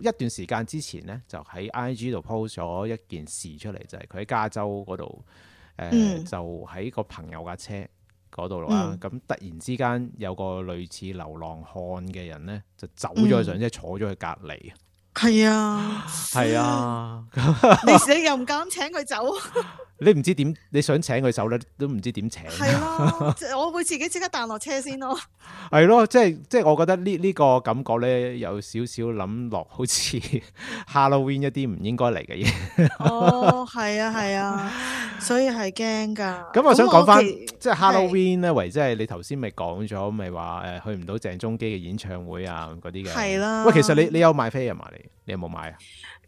一段時間之前咧，就喺 IG 度 post 咗一件事出嚟，就係佢喺加州嗰度誒，呃嗯、就喺個朋友架車嗰度啦。咁、嗯嗯、突然之間有個類似流浪漢嘅人咧，就走咗上，即係坐咗佢隔籬。嗯係啊，係啊，你死又唔敢請佢走？ 你唔知點你想請佢手咧，都唔知點請。係咯，我會自己即刻彈落車先咯。係咯， 即係即係，我覺得呢呢、呢個感覺咧，有少少諗落，好似 Halloween 一啲唔應該嚟嘅嘢。 哦，係啊，係啊，所以係驚㗎。咁 我想講翻的，即係 Halloween 咧，喂即係你頭先咪講咗，咪話誒去唔到鄭中基嘅演唱會啊嗰啲嘅。係啦。的喂，其實你你有買飛啊嘛？你你有冇買啊？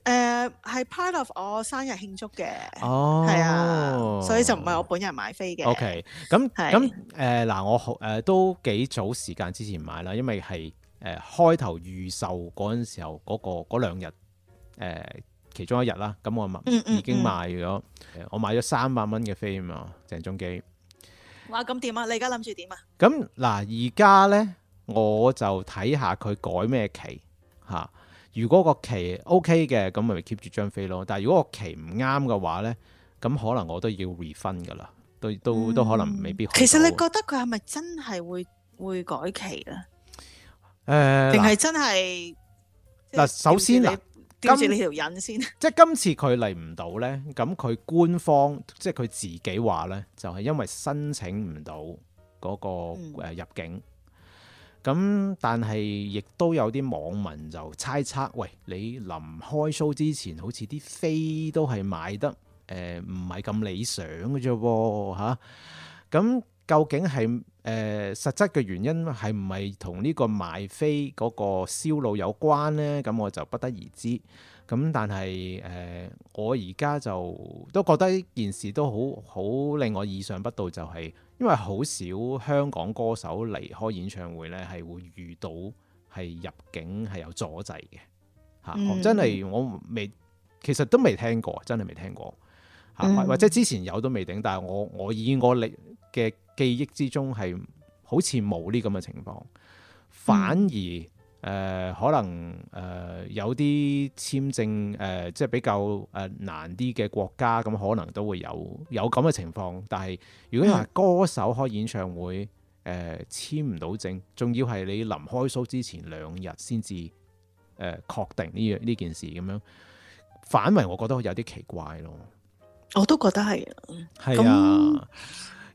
誒，係、uh, part of 我生日慶祝嘅，哦，係啊，所以就唔係我本人買飛嘅。O K，咁咁誒嗱，我好誒、呃、都幾早時間之前買啦，因為係誒、呃、開頭預售嗰陣時候嗰、嗰個兩日誒其中一日啦，咁我已經買咗、mm mm mm. 呃，我買咗三百蚊嘅飛啊嘛，鄭中基。哇，咁點啊？你而家諗住點啊？咁嗱，而家咧我就睇下佢改咩期吓。啊如果個期 OK 嘅，咁咪咪 keep 住張飛咯。但係如果個期唔啱嘅話咧，咁可能我都要 refund 噶啦，都都、嗯、都可能未必。其實你覺得佢係咪真係會會改期咧？誒、呃，定係真係嗱？首先嗱，吊住、呃、你條引先。即係今次佢嚟唔到咧，咁佢官方即係佢自己話咧，就係、是、因為申請唔到嗰、那個、嗯呃、入境。咁，但係亦都有啲網民就猜測，喂，你臨開 show 之前，好似啲飛都係買得誒，唔係咁理想嘅啫喎，嚇、啊。咁究竟係誒、呃、實質嘅原因係唔係同呢個賣飛嗰個銷路有關呢？咁我就不得而知。咁但係誒、呃，我而家就都覺得件事都好好令我意想不到，就係因為好少香港歌手離開演唱會呢，係會遇到係入境係有阻滯嘅嚇、嗯啊，真係我未其實都未聽過，真係未聽過嚇，啊嗯、或者之前有都未定，但係我我以我力嘅記憶之中係好似冇呢咁嘅情況，反而、嗯。誒、呃，可能誒、呃、有啲簽證誒、呃，即係比較誒難啲嘅國家，咁可能都會有有咁嘅情況。但係如果係歌手開演唱會，誒簽唔到證，仲要係你臨開 show 之前兩日先至誒確定呢樣呢件事咁樣，反為我覺得有啲奇怪咯。我都覺得係，係啊那因，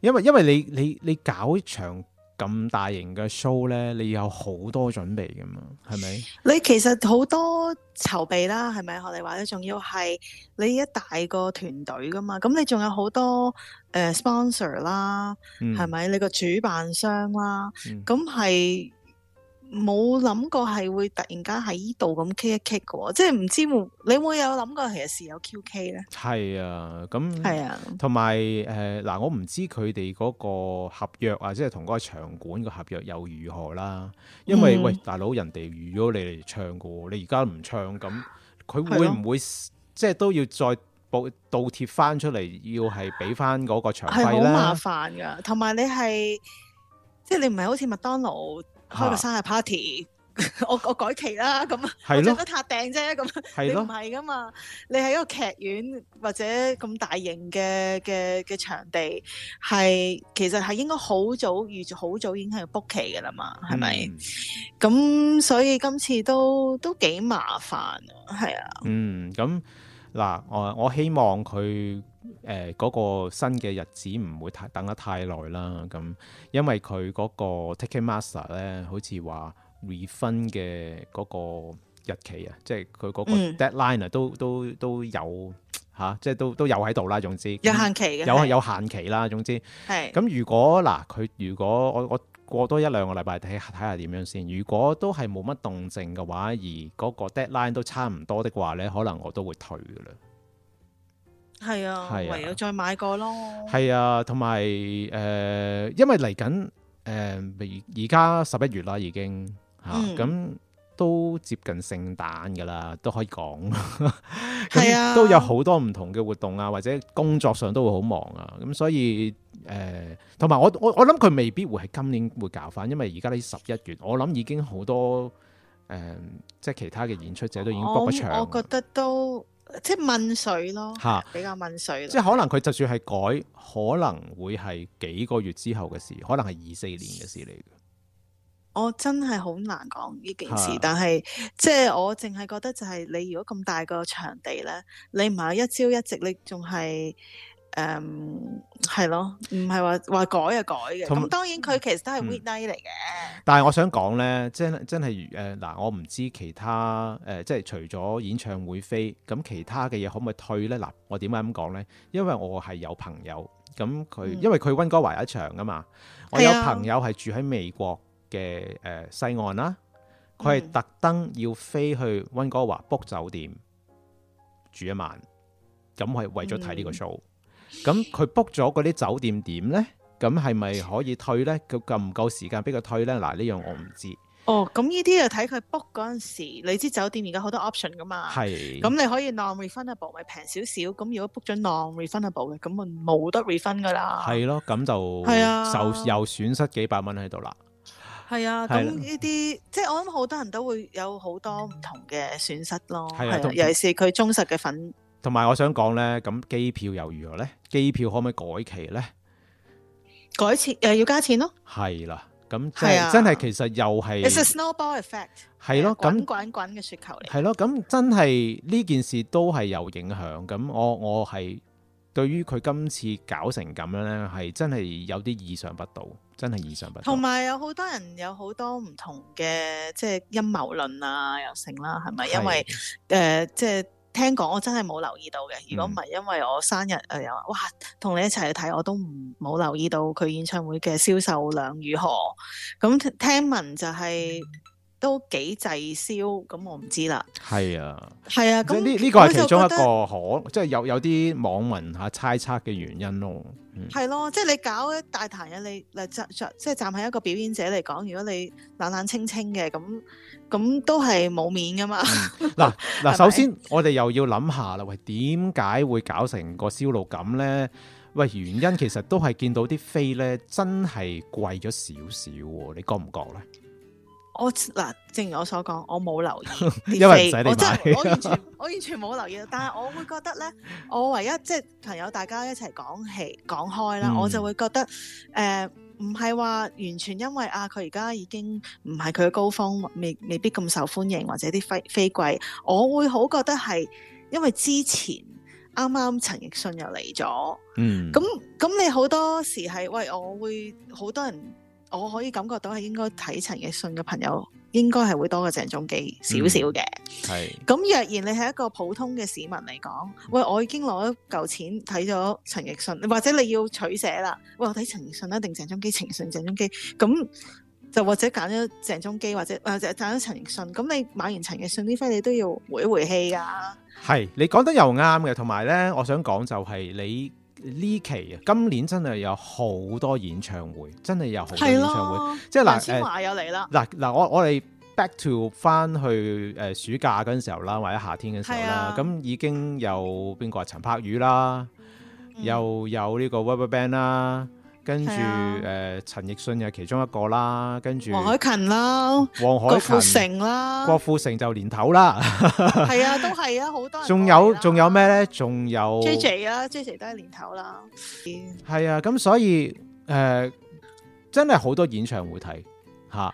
因為因為你你你搞一場。咁大型嘅 show 咧，你有好多準備㗎嘛，係咪？你其實好多籌備啦，係咪學你話咧？仲要係你一大個團隊㗎嘛，咁你仲有好多誒 sponsor 啦，係咪、嗯？你個主辦商啦，咁係、嗯。冇諗過係會突然間喺依度咁 K 一 K 嘅，即係唔知會你會有諗過其實是有 QK 咧？係啊，咁係啊，同埋誒嗱，我唔知佢哋嗰個合約啊，即係同嗰個場館嘅合約又如何啦？因為、嗯、喂大佬，人哋預咗你嚟唱嘅，你而家唔唱咁，佢會唔會、啊、即係都要再倒倒貼翻出嚟，要係俾翻嗰個場費係好麻煩㗎，同埋你係即係你唔係好似麥當勞。開個生日 party， 我我改期啦咁啊，最多的 撻訂啫咁。的 你唔係噶嘛？你喺一個劇院或者咁大型嘅嘅嘅場地，係其實係應該好早預好早已經係要 book 期嘅啦嘛，係咪？咁、嗯、所以今次都都幾麻煩啊，係啊。嗯，咁。嗱，我我希望佢誒嗰個新嘅日子唔會太等得太耐啦，咁因為佢嗰個 Ticketmaster 咧，好似話 refund 嘅嗰個日期，個啊，即係佢嗰個 deadline 啊，都都都有吓，即係都都有喺度啦，總之有限期嘅，有有限期啦，總之，係咁的如果嗱佢如果我我。過多一兩個禮拜睇睇下點樣先，如果都係冇乜動靜嘅話，而嗰個 deadline 都差唔多的話呢，可能我都會退噶啦。係啊，啊唯有再買過咯。係啊，同埋誒，因為嚟緊誒而而家十一月啦，已經吓咁。啊嗯都接近聖誕噶啦，都可以講，咁、 嗯啊、都有好多唔同嘅活動啊，或者工作上都會好忙啊，咁、嗯、所以誒，同、呃、埋我我我諗佢未必會係今年會搞翻，因為而家呢十一月，我諗已經好多誒、呃，即係其他嘅演出者都已經 book 咗場。我覺得都即係問水咯，嚇、啊、比較問水。即係可能佢就算係改，可能會係幾個月之後嘅事，可能係二四年嘅事嚟嘅。我真係好難講呢件事，啊、但係即係我淨係覺得就係你如果咁大個場地咧，你唔係一朝一夕你，你仲係誒係咯，唔係話話改就改嘅咁。當然佢其實都係 Wed night 嚟嘅。但係我想講咧、呃呃，即係真係誒嗱，我唔知其他誒，即係除咗演唱會飛咁，其他嘅嘢可唔可以退咧？嗱、呃，我點解咁講咧？因為我係有朋友咁佢，嗯、因為佢温哥華有一場噶嘛，我有朋友係住喺美國。嘅誒西岸啦，佢係特登要飛去溫哥華 book 酒店住一晚，咁係為咗睇呢個 show。咁佢 book 咗嗰啲酒店點咧？咁係咪可以退咧？佢夠唔夠時間俾佢退咧？嗱，呢樣我唔知哦。咁呢啲就睇佢 book 嗰陣時。你知酒店而家好多 option 噶嘛？係咁是，你可以 non-refundable 咪平少少。咁如果 book 咗 non-refundable 嘅，咁咪冇得 refund 噶啦。係咯，咁就係啊，受又的損失幾百蚊喺度啦。係啊，咁呢啲即係我諗好多人都會有好多唔同嘅損失咯。係啊，啊尤其是佢忠實嘅粉。同埋我想講咧，咁機票又如何咧？機票可唔可以改期咧？改錢誒、呃，要加錢咯。係啦、啊、咁、啊、真真係其實又係。It's a snowball effect、啊。係咯，滾滾滾嘅雪球嚟。係咯、啊、咁、啊、真係呢件事都係有影響。咁我我係對於佢今次搞成咁樣咧，係真係有啲意想不到。真係意想不到。同埋有好多人有好多唔同嘅即係陰謀論啊，又成啦，係咪？因為誒是、呃，即係聽講，我真係冇留意到嘅。如果唔係，因為我生日又有、嗯呃，哇！同你一齊去睇，我都唔冇留意到佢演唱會嘅銷售量如何。咁聽聞就係、是。嗯都幾滯銷，咁我唔知啦。係啊，係啊，咁呢呢個係我就 其中一個可即係有有啲網民嚇猜測嘅原因咯。係咯、啊，嗯、即係你搞一大壇嘢，你立站即係站喺一個表演者嚟講，如果你冷冷清清嘅，咁咁都係冇面噶嘛。嗱嗱、嗯，首先 我哋又要諗下啦，喂，點解會搞成個銷路咁咧？喂，原因其實都係見到啲飛咧，真係貴咗少少喎，你覺唔覺咧？我嗱，正如我所講，我冇留意啲飛， 我真係我完全我完全冇留意。 但係我會覺得咧，我唯一即係、就是、朋友大家一齊講起講開啦，嗯、我就會覺得誒，唔係話完全因為啊，佢而家已經唔係佢嘅高峰，未未必咁受歡迎，或者啲飛飛貴，我會好覺得係因為之前啱啱陳奕迅又嚟咗，嗯，咁咁你好多時係喂，我會好多人。我可以感覺到係應該睇陳奕迅嘅朋友應該係會多過鄭中基少少嘅。係、嗯。咁若然你係一個普通嘅市民嚟講，嗯、喂，我已經攞咗嚿錢睇咗陳奕迅，或者你要取捨啦。喂，我睇陳奕迅一定鄭中基？陳奕迅，鄭中基。咁就或者揀咗鄭中基，或者誒揀咗陳奕迅。咁你買完陳奕迅啲飛，你都要回一回氣啊。係，你講得又啱嘅。同埋咧，我想講就係你。呢期啊，今年真係有好多演唱會，真係有好多演唱會，的即係嗱誒，又嚟啦。嗱嗱、呃呃呃呃，我我哋 back to 翻去誒暑假嗰陣時候啦，或者夏天嘅時候啦，咁的已經有邊個係陳柏宇啦，嗯、又有呢個 Weibird 啦。跟住誒、啊呃、陳奕迅又其中一個啦，跟住黃凱芹啦，黃凱芹郭富城啦，郭富城就年頭啦，係 啊，都係啊，好多，仲有仲有咩咧？仲有 J J 啊，J J 都係年頭啦，係啊，咁所以誒、呃、真係好多演唱會睇嚇，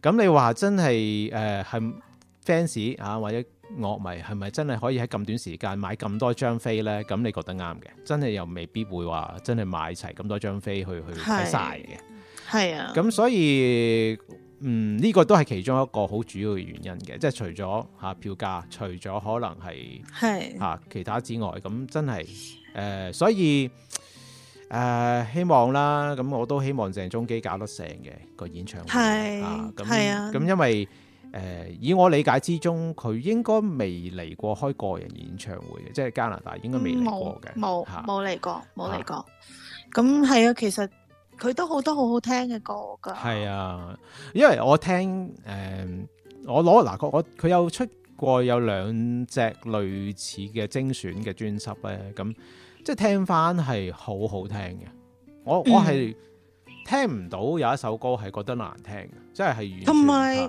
咁、啊、你話真係誒係 fans 啊，或者？樂迷係咪真係可以喺咁短時間買咁多張飛呢？咁你覺得啱嘅，真係又未必會話真係買齊咁多張飛去是去睇晒嘅。係啊，咁所以嗯呢、這個都係其中一個好主要嘅原因嘅，即係除咗吓、啊、票價，除咗可能係係吓其他之外，咁真係誒、呃，所以誒、呃、希望啦，咁我都希望鄭中基搞得成嘅、這個演唱會係咁因為。誒，以我理解之中，佢應該未嚟過開個人演唱會嘅，即係加拿大應該未嚟過嘅，冇冇嚟過，冇嚟過。咁係啊，啊，其實佢都好多好好聽嘅歌噶。係啊，因為我聽誒、呃，我攞嗱個我佢有出過有兩隻類似嘅精選嘅專輯咧，咁即係聽翻係好好聽嘅。我我係聽唔到有一首歌係覺得難聽嘅，即係係完全。同埋。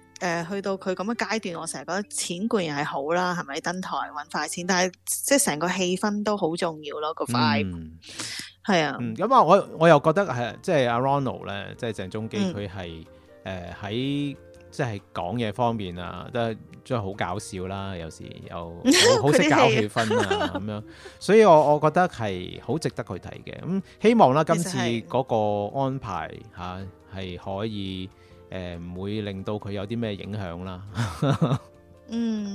誒、呃，去到佢咁嘅階段，我成日覺得錢固然係好啦，係咪登台搵快錢？但係即係成個氣氛都好重要咯，個氛圍係啊。嗯，咁啊，我我又覺得係即係阿 Ronald 咧，即係鄭中基，佢係誒喺即係講嘢方面啊，都即係好搞笑啦。有時又好識搞氣氛啊，咁樣。所以我我覺得係好值得去睇嘅。咁、 so like really 嗯、希望啦，今次嗰個安排吓係可以。誒唔會令到佢有啲咩影響啦。嗯，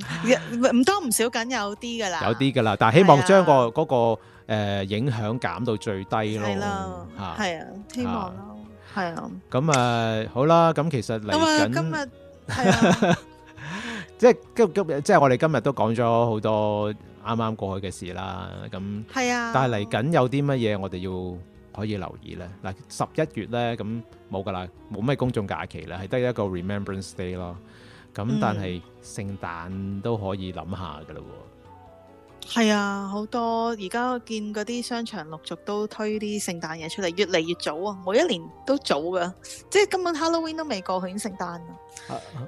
唔唔多唔少梗有啲噶啦，有啲噶啦，但係希望將個嗰個誒影響減到最低咯。係啦，係啊，希望咯，係啊。咁啊，好啦，咁其實嚟緊，今日即係今今即係我哋今日都講咗好多啱啱過去嘅事啦。咁係啊，但係嚟緊有啲乜嘢我哋要？可以留意咧，嗱，十一月咧咁冇噶啦，冇咩公眾假期咧，係得一個 Remembrance Day 咯。咁但係聖誕都可以諗下噶咯喎。係啊，好多而家見嗰啲商場陸續都推啲聖誕嘢出嚟，越嚟越早啊！每一年都早㗎，即係根本 Halloween 都未過去，已經聖誕啊。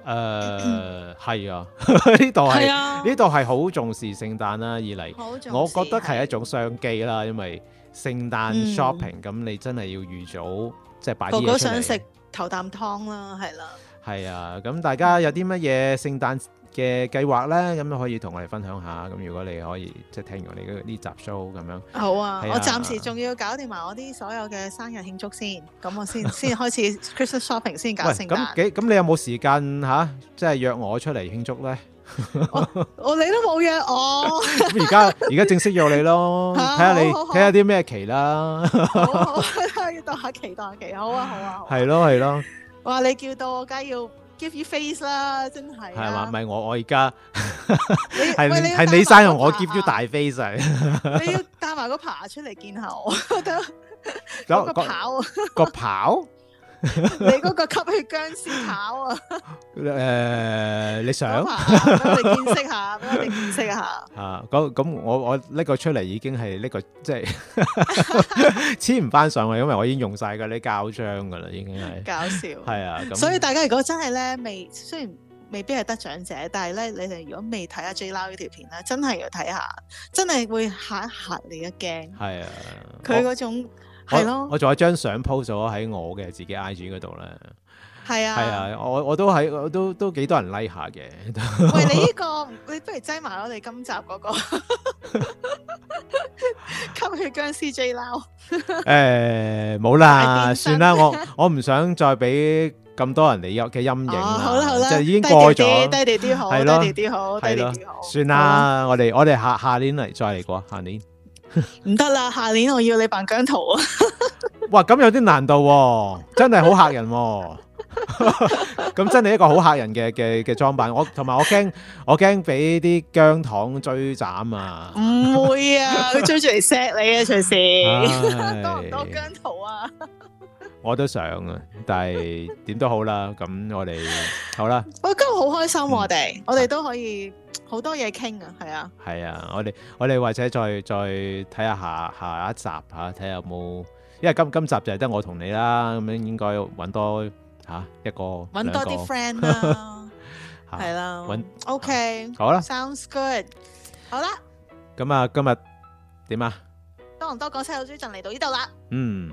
誒，係啊，呢度係呢度係好重視聖誕啦，二嚟，我覺得係一種商機啦，因為聖誕 shopping 咁，你真係要預早即係擺啲嘢出嚟，個個想食頭啖湯啦，係啦，係啊，咁大家有啲乜嘢聖誕？嘅計劃咧，咁都可以同我哋分享下。咁如果你可以即係聽完你呢集 show 咁樣，好啊！我暫時仲要搞掂埋我啲所有嘅生日慶祝先，咁我先先開始 Christmas shopping 先搞聖誕。咁咁你有冇時間嚇？即係約我出嚟慶祝咧？我我你都冇約我。咁而家而家正式約你咯，睇下你睇下啲咩期啦。到下期，到下期，好啊好啊。係咯係咯。哇！你叫到我，梗係要。give you face 啦、啊，真係係嘛？唔係我，我而家 你係你生，我 give you 大 face。你要帶埋 個爬出嚟見下我，我都個跑個跑。 你嗰個吸血僵屍跑啊！誒、呃，你想，俾我哋見識下，俾我哋見識下。吓，咁咁、 啊，我我搦個出嚟已經係呢個即係黐唔翻上去，因為我已經用晒嗰啲膠漿噶啦，已經係。搞笑。係啊。所以大家如果真係咧，未雖然未必係得獎者，但係咧，你哋如果未睇阿 JLau 呢條片咧，真係要睇下，真係會吓一吓你一驚。係啊。佢嗰種。係咯，我仲有張相 po 咗喺我嘅自己 I G 嗰度咧。係啊，係啊，我我都喺，我都我都幾多人 like 下嘅。 喂，你呢、這個，你不如擠埋我哋今集嗰、那個， 吸血僵屍 J 撈、 欸。誒，冇啦，算啦，我我唔想再俾咁多人嚟，有嘅陰影、哦、好啦好啦，就已經過咗，低啲啲好，啊、低啲好，啊、低啲好，算啦，我哋我哋下下年嚟再嚟過，下年。唔得啦，下年我要你扮姜濤 啊！哇、啊，咁有啲難度喎，真係好嚇人喎！咁真係一個好嚇人嘅嘅嘅裝扮，我同埋我驚我驚俾啲姜糖追斬啊！唔 會啊，佢追住嚟錫你啊，隨時 多唔多姜濤啊？ 我都想啊，但係點都好啦。咁我哋好啦。我今日好開心，我哋我哋都可以好多嘢傾啊，係啊。係啊，我哋我哋或者再再睇下下下一集吓，睇下有冇，因為今今集就係得我同你啦。咁樣應該揾多吓一個，揾多啲 friend 啦。係啦，揾 OK，好啦，Sounds good，好啦。咁啊，今日點啊？多倫多港式口水陣就嚟到呢度啦。嗯。